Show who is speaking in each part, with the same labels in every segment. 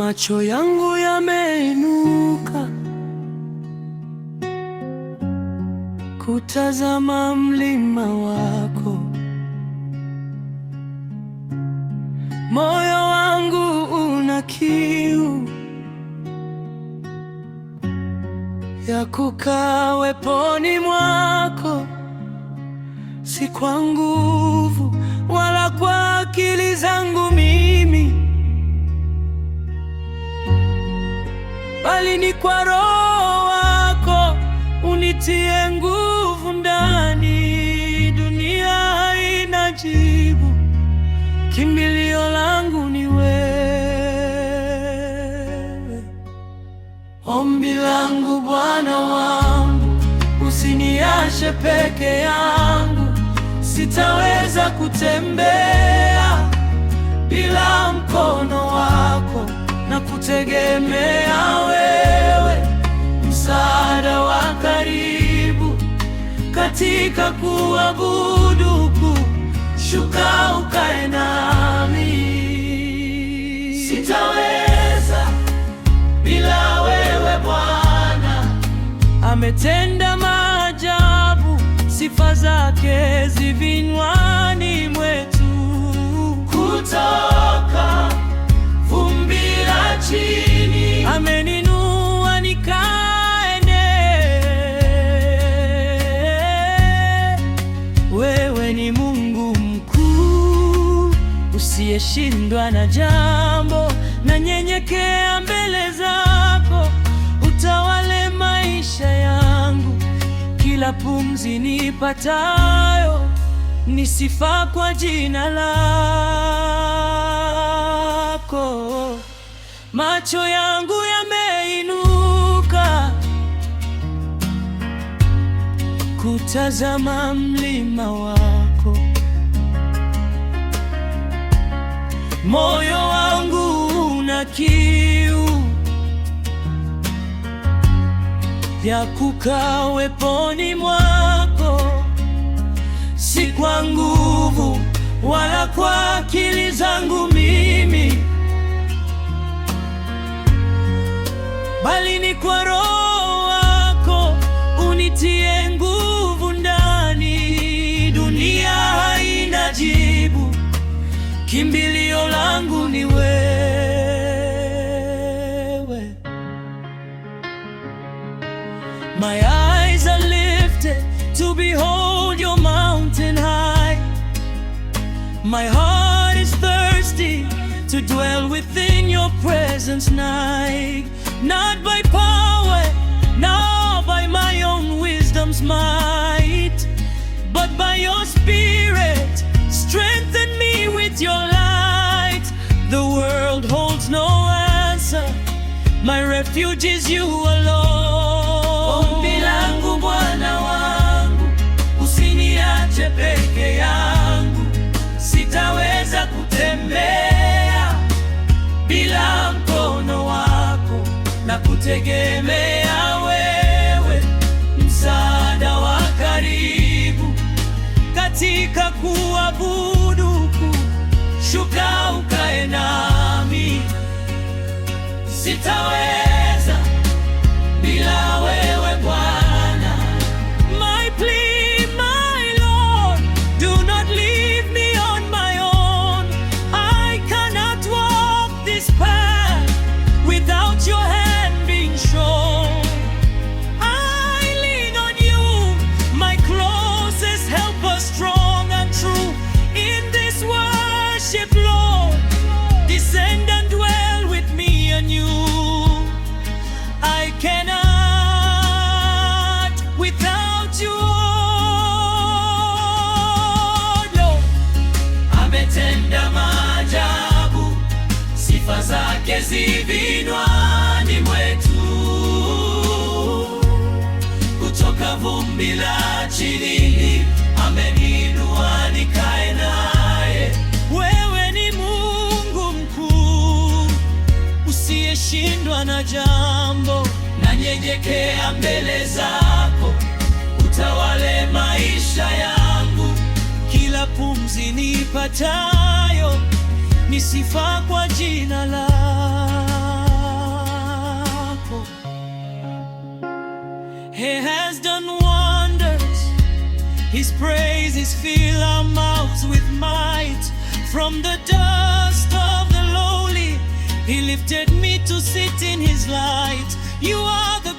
Speaker 1: macho yangu yameinuka kutazama mlima wako, moyo wangu una kiu ya kukaa weponi mwako, si kwa nguvu wala kwa akili zangu mimi bali ni kwa Roho wako unitie nguvu ndani. Dunia haina jibu, kimbilio langu ni wewe. Ombi langu Bwana wangu, usiniache peke yangu, sitaweza kutembea bila mkono wako na kutegemea katika kuabudu kushuka Shuka ukae nami,
Speaker 2: sitaweza bila wewe Bwana.
Speaker 1: Ametenda maajabu, sifa zake zivinywani mwetu
Speaker 2: kutoka
Speaker 1: Usiyeshindwa na jambo, nanyenyekea mbele zako, utawale maisha yangu. Kila pumzi nipatayo ni sifa kwa jina lako. Macho yangu yameinuka kutazama mlima wako. moyo wangu una kiu ya kukaa weponi mwako, si kwa nguvu wala kwa akili zangu mimi, bali ni kwa Roho kimbilio langu ni wewe.
Speaker 3: My eyes are lifted to behold your mountain high. My heart is thirsty to dwell within your presence night. Not by power, nor by my own wisdom's might, but by your spirit. My refuge is you alone.
Speaker 1: Ombi langu Bwana wangu, usiniache peke yangu, sitaweza kutembea bila mkono wako, na kutegemea wewe, msaada wa karibu katika kuabudu, kushuka
Speaker 2: sitaweza vinywani mwetu, kutoka vumbi la chini ameniinua nikae naye.
Speaker 1: Wewe ni Mungu mkuu usiyeshindwa na jambo,
Speaker 2: nanyenyekea mbele zako, utawale maisha yangu.
Speaker 1: Kila pumzi nipatayo ni sifa kwa jina la
Speaker 3: He has done wonders. His praises fill our mouths with might. From the dust of the lowly, He lifted me to sit in His light. You are the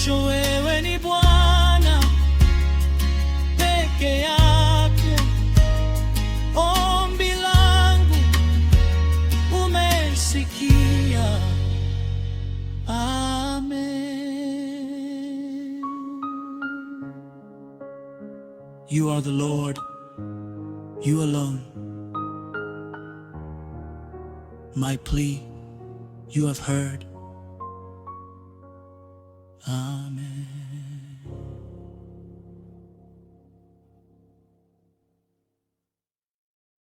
Speaker 1: mwisho wewe ni Bwana peke Ombi langu Amen.
Speaker 4: You are the Lord, you alone. My plea you have heard. 아멘.